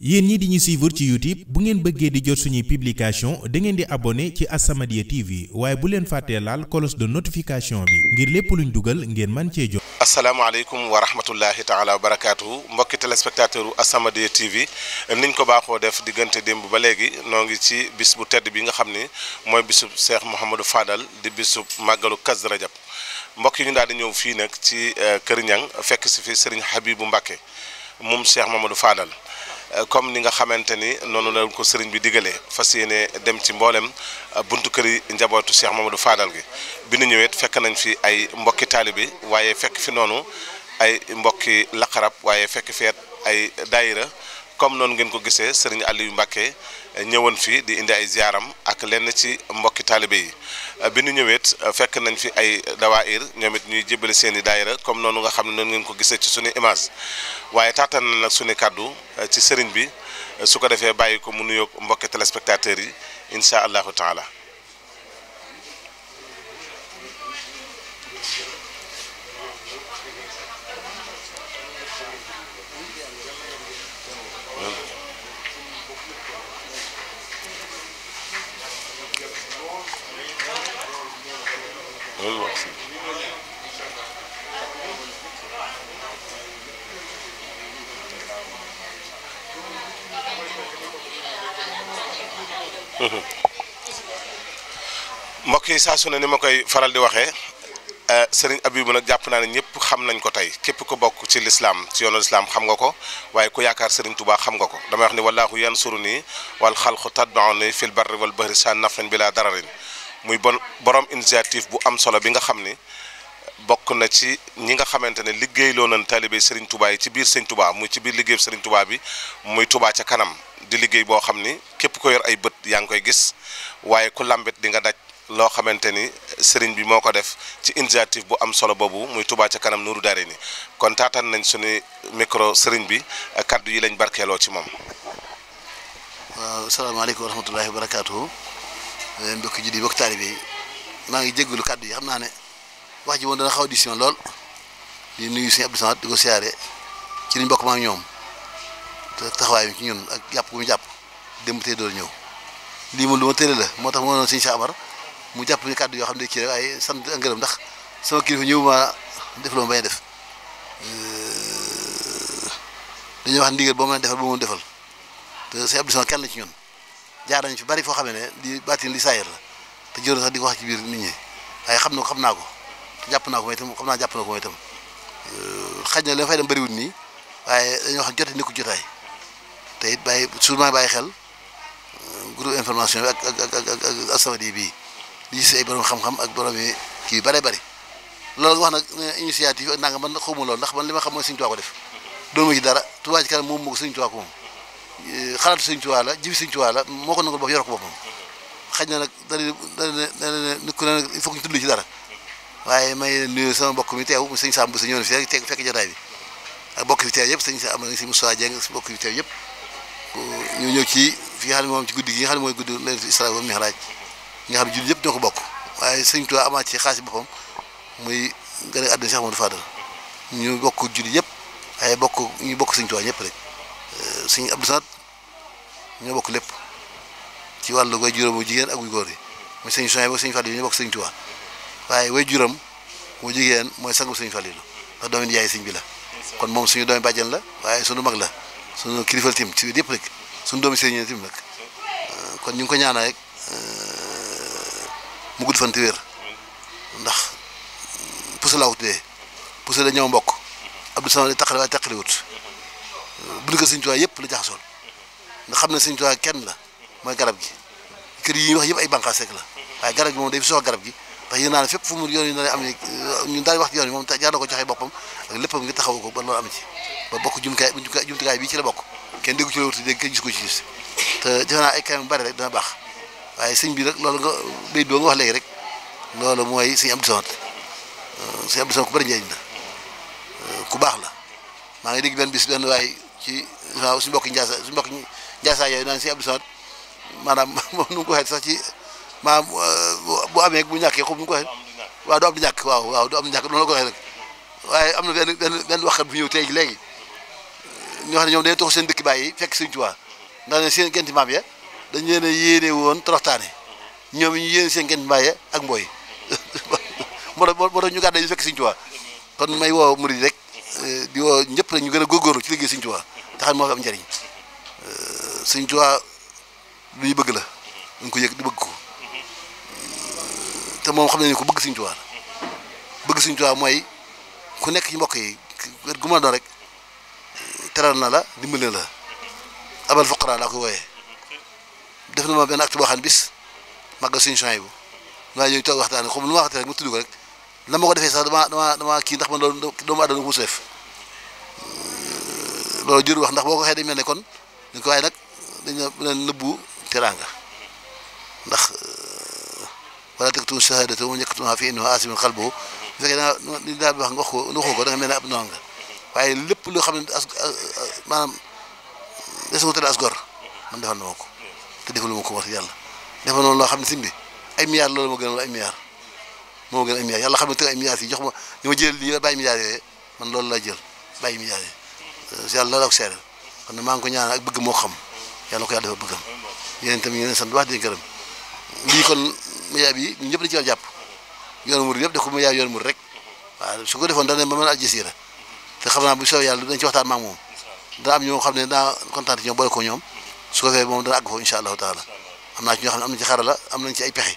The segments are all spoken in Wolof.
yéen ñi di ñu suivre ci youtube bu ngeen bëggee di jot suñuy publication da ngeen di abonné ci As-Samadiyya TV waaye bu leen fàttee laal kolos de notification bi ngir lépp luñ dugal ngeen man cee jot. asalaamaaleykum wa rahmatullahi taala wa barakaatu mbokki téléspectateur As-Samadiyya TV niñ ko baaxoo def diggante démb ba léegi noo ngi ci bis bu tedd bi nga xam ni mooy bisub Cheikh Mouhamadou faadal di bisub màggalu Kazu Rajab mbokk yi ñu daal di ñëw fii nag ci euh, Kër Ñang fekk si fi Serigne Habibou Mbacké moom Cheikh Mouhamadou Fadal. Euh, comme ni nga xamante ni noonu la ko sëriñ bi digalee fas yéene dem ci mboolem euh, buntu kër yi njabootu Cheikh Mamadou Fadal gi bi nu ñëwee fekk nañ fi ay mbokki taalibi waaye fekk fi noonu ay mbokki laqarab waaye fekk feet ay daayira comme noonu ngeen ko gisee sëriñ yu Mbacke ñëwoon fii di indi ay ziaram ak lenn ci mbokki taalibe yi bi nu ñëweet fekk nañ fi ay dawaayir ñoom ñuy jébale seeni i comme noonu nga xam ne noonu ngeen ko gisee ci suñu image waaye taataan na nag suñu kàddu ci sëriñ bi su ko defee bàyyi ko mu nuyoog mbokki téléspectateurs yi incha allahu taala. loolu wax si mbokk ne ni ma koy faral di waxee eh, sëriñ Abibu nag jàpp naa ne ñëpp xam nañ ko tey képp ko bokk ci lislaam ci yoonu lislaam xam nga ko waaye ku yaakaar sëriñ tubaax xam nga ko damay wax ni wallaahu yansuru nii wal xalqu tatba'uni fil barri wal bahri sa nafin bila dararin muy bon borom initiative bu am solo bi nga xam ni bokk na ci ñi nga xamante ne liggéeyloo na taalibe sëriñ tubaay yi ci biir Serigne Touba muy ci biir liggéeyu Serigne Touba bi muy Touba ca kanam di liggéey boo xam ni képp ko yor ay bët yaa ngi koy gis waaye ku lambet di nga daj loo xamante ni Serigne bi moo ko def ci initiative bu am solo boobu muy tubaa ca kanam nuuru daare ni kon taataan nañ suñu micro sëriñ bi kaddu yi lañ barkeeloo ci moom. waaw salaamaaleykum leen eh, mbokki ji di bokk taalibe yi maa ngi jéggalu kàddu yi xam naa ne wax ji moom dana xaw lool di nuyu sëñ Abdou Samad di ci liñ bokk ma ak ñoom taxawaay bi ñun ak jàpp bu mu jàpp démb tey doon ñëw lii moom lu ma tëre la moo tax moo doon sëñ Cheikh mu jàpp ni kàddu yoo xam ne ci rek waaye sant ak ngërëm ndax sama kilifa ñëw ma def loo bañ a def eh, dañu wax ndigal boo mën a defal boo mën defal te sëñ Abdou Samad kenn la ci ñoon jaar nañu ci bari foo xam ne di baatin li saayir la te jëru sax di ko wax ci biir nit ñi waaye xam na ko xam naa ko jàpp naa ko mooy itam xam naa jàpp naa ko mooy itam euh, xaj na nii waaye dañoo xam jote ko jotaay te it bàyyi souvent bàyyi xel euh, groupe information bi ak ak ak ak ak As-Samadiyya bii ay borom xam ak borom yi kii bare bari loolu wax nag initiative ak nanga man xawma loolu ndax man li xam mooy Sëriñ Tuubaa ko def doon ma dara Tuubaa ci kanam moom moo ko Sëriñ Tuubaa ko moom xalaat Sëñ Tuubaa la jibi Sëñ Tuubaa la moo ko nangul bopp yor ko boppam xaj na nag dana dana dana nit ku ne nag il ñu tudd ci dara waaye may nuyu sama mbokk mi teew sëñ Samb bu sa ñëw na fi rek teeg fekk bi ak mbokk fi teew yëpp sëñ sa am na sëñ Moussa Dieng ak mbokk fi teew yëpp ñu ñëw ci fi moom ci guddi gi mooy guddi laylatul Isra wal Mi'raj nga yëpp ñoo ko bokk waaye sëñ Tuubaa amaat ci xaalis boppam muy gën a àdduna Cheikh Amadou Fadal ñu bokk jullit yëpp ay bokk ñu bokk sëñ Tuubaa ñëpp rek sëñ Abdou Saad ñoo bokk lépp ci wàllu way juróom wu jigéen ak wu góor yi mooy sëñ Souhaïbou ak sëñ Fallou ñoo bokk sëñ Tuubaa waaye way juróom bu jigéen mooy sangu sëñ Fallou yaay sëñ bi la kon moom suñu doomi bàjjen la waaye suñu mag la suñu kilifal tim ci yëpp rek suñu doomi sëñ tim nag euh, kon ñu ngi ko ñaanal rek euh, mu gudd fan te wér ndax puso laa ko tuddee puso la ñëw mbokk Abdou Samad di taqale waaye taqale wut bëgg sëñ Tuubaa yëpp la jaxasool nga xam ne sëñ Tuubaa kenn la mooy garab gi kër yi ñuy wax yëpp ay bànqaas rek la waaye garab gi moom day fi soxla garab gi ndax yéen naan fépp fu mu yoon yi na am ñu daal wax ci yoon yi moom jaar na ko joxe boppam ak léppam ngi taxawu ko ba loolu am ci bokk jumtukaay jumtukaay bii ci la bokk kenn déggu ci loolu dégg kenn gis ko ci gis te defe naa ay kayam bari rek dina waaye sëñ bi rek loolu nga béy doo nga wax rek loolu mooy sëñ Abdou Samad sëñ Abdou Samad ku bari njëriñ la ku baax la maa ngi dégg benn bis benn waaye ci waaw suñu mbokki njaasa suñu mbokk njaasa yooyu naan si Abdou Samad maanaam moom nu mu ko waxee sax ci maanaam euh, bu amee bu ñàkkee xub nu mu ko waxee waaw du am du ñàkk waaw waaw du am du ñàkk noonu la ko waaye am na benn benn benn waxkat bu ñëw tey léegi ñoo xam ne seen dëkk bàyyi fekk Sëriñ Tuubaa ndax ne seen genti dañ leen a yéene woon toroxtaane ñoom ñu yéene seen genti maam ya ak fekk Sëriñ Tuubaa kon may woo murid rek euh, di woo ñëpp rek ñu gën a góorgóorlu ci liggéey Sëriñ Tuubaa taxam moo fi am njariñ euh, Sëñ Tuubaa lu bëgg la ñu ko yëg di bëgg ko euh, te moom xam ne ko bëgg Sëñ Tuubaa la bëgg Sëñ Tuubaa mooy ku nekk ñu mbokk yi wet gu doon rek euh, teral na la dimbali na la abal foqara laa koy wooyee def na ma benn acte boo xam ne bis màggal Sëñ Suwaybu waaye yooyu toog waxtaan xam lu ma waxte rek ma tudd ko rek la ko defee sax dama dama dama kii ndax man loolu doomu aadama ko mos a def loolu jur wax ndax boo ko waxee dañu mel ne kon dañ ko waaye nag dañ leen nëbbu teraanga ndax euh, wala tegtum shahadatu mu ñëkkatuma fi innahu asimun qalbuhu nga li daal bi wax nga ko waxoo ko da nga mel ne ab noon nga waaye lépp loo xam ne as maanaam des nga tëdd as gor man defal na ma ko te defal ma ko wax yàlla defal noonu loo xam ne simbi ay milliards loolu ma gën loolu ay moo gën ay milliards yàlla xam ne te ay milliards yi jox ma ñu ma jël lii la bàyyi milliards yooyu man loolu laa jël bàyyi milliards yi yàlla na la ko seeral xam ne maa ngi bëgg moo xam yàlla na ko yàlla dafa bëggam yéen itam bi ñëpp dañu ci a jàpp yoonu murid yëpp def ko mayaay yoonu su ko defoon dana ba a aljasiira te xam naa bu soobee yàlla dañ ci waxtaan maam moom xam ne daa kontaan ñoom boole ko ñoom su ko fee moom dana àgg ci ñoo xam am nañ ci xarala am nañ ci ay pexe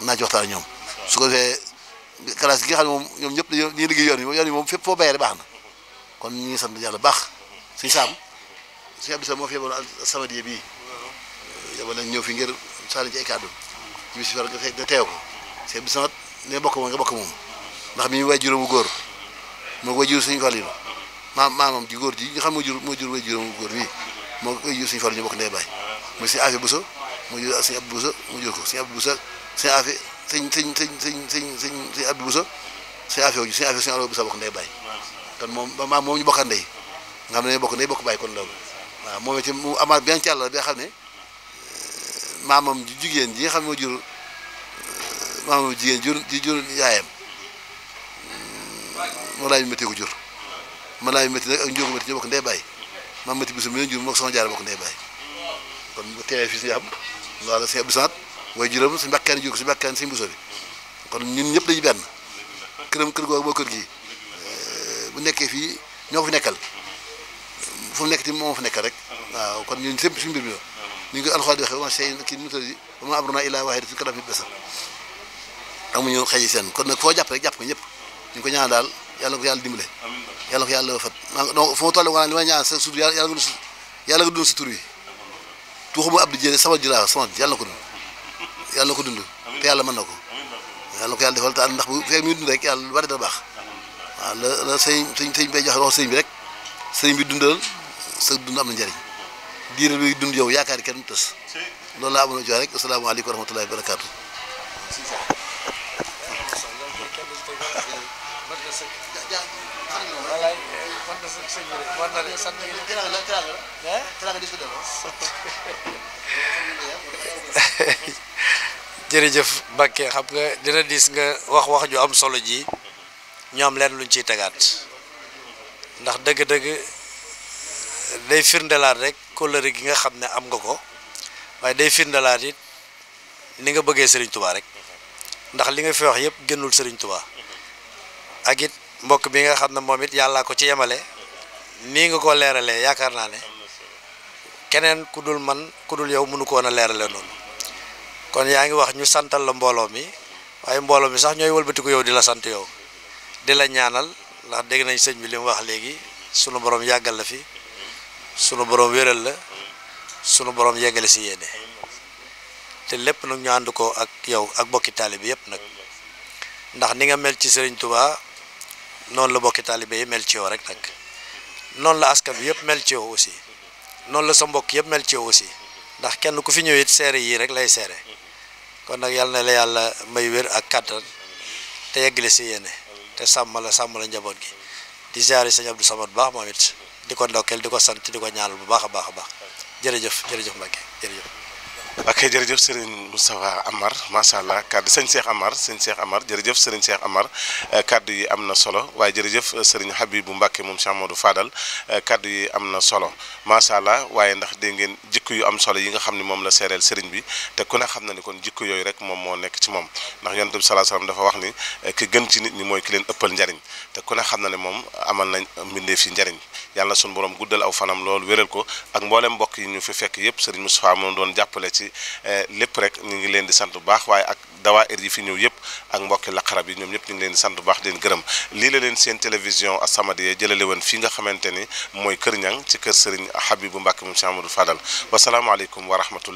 naa ci waxtaan ñoom su ko fee classe gi nga xam ne moom ñoom ñëpp dañoo ñuy liggéey yoon moom fépp foo bayee baax na kon ñu ngi sant yàlla baax suñu saam suñu Abdou Sam moo fi yebaloon samedi bi yebal nañ ñëw fi ngir sànni ci ay kàddu ci bis far nga nga teew ko suñu Abdou Sam ne bokk moom nga bokk moom ndax mi ngi way juróomu góor moo ko way jur suñu Fallou maam maamam ji góor ji nga xam moo jur moo jur way juróomu góor bii moo ko way jur suñu ñu bokk ndey baay muy suñu Afia Bousso mu jur mu ko suñu Abdou Bousso suñu sëñ sëñ sëñ sëñ sëñ sëñ Abdou Bousso suñu Afia suñu Afia suñu Abdou Bousso bokk ndey baay te moom maam moom ñu bokk ndey bokk ndey bokk bàyyi kon loolu mu amaat benn ci yàlla nga xam ne euh, maamam ju jigéen ji nga xam ne moo jur euh, maamam jigéen jur ji jur ma mm, laay métti ko jur ma laay métti nag ak njóogu métti ñu bokk ndey bàyyi maam métti bisu mi jur mook sama jaar bokk ndey bàyyi kon bu teewee fi si yàpp loolu si bisaat waaye juróom suñu mbàkkeen jur ko suñu mbàkkeen suñu buso bi kon ñun ñëpp dañu benn këram kër googu moo kër gii bu nekkee fii ñoo ko fi nekkal fu nekk ti moo fa nekkal rek waaw kon ñun sëpp ni ñu ko alxuraan di waxee ma sey kii numu tadi ba ma amruna illaa waahidatun suñu ko daf nit besa amuñu kon nag foo jàpp jàpp ko ñëpp ñu ko ñaan daal yàlla ko yàlla dimbale yàlla ko donc fu ma toll nga li may ñaan sa sutur yàlla yàlla ko dund yàlla ko dund sa tur wi tuuxuma abdu jële sama jëlaa yàlla ko dund yàlla ko dund te yàlla mën na ko yàlla ko yàlla defal te ndax bu fekk dund rek yàlla lu bari dana baax waaw la la sëñ sëñ sëñ bay jaxaroo sëñ bi rek sëñ bi dundal sa dund am na njëriñ diir luy dund yow yaakaar kenn tës loolu laa amoon a jox rek asalaamaaleykum wa jërëjëf Mbacke xam nga dina diis nga wax wax ju am solo ji ñoom leen luñ ci tegaat ndax dëgg-dëgg day firndelaat rek kóllëre gi nga xam ne am nga ko waaye day firndelaat it li nga bëggee sëriñ Touba rek ndax li nga fi wax yëpp gënul sëriñ Touba ak it mbokk bi nga xam ne moom it yàllaa ko ci yemale nii nga ko leerale yaakaar naa ne keneen ku dul man ku dul yow mënu ko a leerale noonu kon yaa ngi wax ñu santal la mbooloo mi waaye mbooloo mi sax ñooy wëlbatiku yow di la sant yow di la ñaanal ndax dégg nañ sëñ bi li wax léegi sunu borom yàggal la fi sunu borom wéral la sunu borom yeggale si yéene te lépp nag ñu ànd ko ak yow ak bokki taalibe yëpp nag ndax ni nga mel ci sëriñ Touba noonu la bokki taalibe yi mel ci yow rek nag noonu la askan bi yëpp mel ci yow aussi noonu la sa mbokk yëpp mel ci yow ndax kenn ku fi ñëw seere yii rek lay seere kon nag yàlla na la yàlla may wér ak kàttan te yeggale si yéene. te sàmm la sàmm la njaboot gi di ziare sëñ Abdou Samad baax moom it di ko ndokkeel di ko sant di ko ñaanal bu baax a baax a baax jërëjëf jërëjëf Mbacke jërëjëf ok jërëjëf Serigne Moustapha Amar macha allah kaddu sëñ Cheikh Amar sëñ Cheikh Amar jërëjëf Serigne Cheikh Amar eh, kaddu yi am na solo waaye jërëjëf eh, Serigne bu Mbacke moom Cheikh Modou Fadal eh, kaddu yi am na solo macha allah waaye ndax dégg ngeen jikko yu am solo yi nga xam ne moom la seereel Serigne bi te ku ne xam na ni kon jikko yooyu rek moom moo nekk ci moom ndax yonent bi sallallahu dafa wax ni ki gën ci nit ñi mooy ki leen ëppal njariñ te ku ne xam na ne moom amal nañ mbindeef yi njariñ yàlla na sunu borom guddal aw fanam loolu wéral ko ak mboolem mbokk yi ñu fi fekk yëpp Serigne Moustapha moom doon jàppale ci si eh, lépp rek ñu ngi leen di sant bu baax waaye ak dawaa ir yi fi ñëw yëpp ak mbokki laqarab yi ñoom ñëpp ñu ngi leen di sant bu baax di leen gërëm lii la leen seen télévision As-Samadiyya jëlale woon fii nga xamante ni mooy kër ñang ci kër sëriñ Habibu Mbàkke moom Cheikh Amadou Fadal wasalaamualeykum wa rahmatullah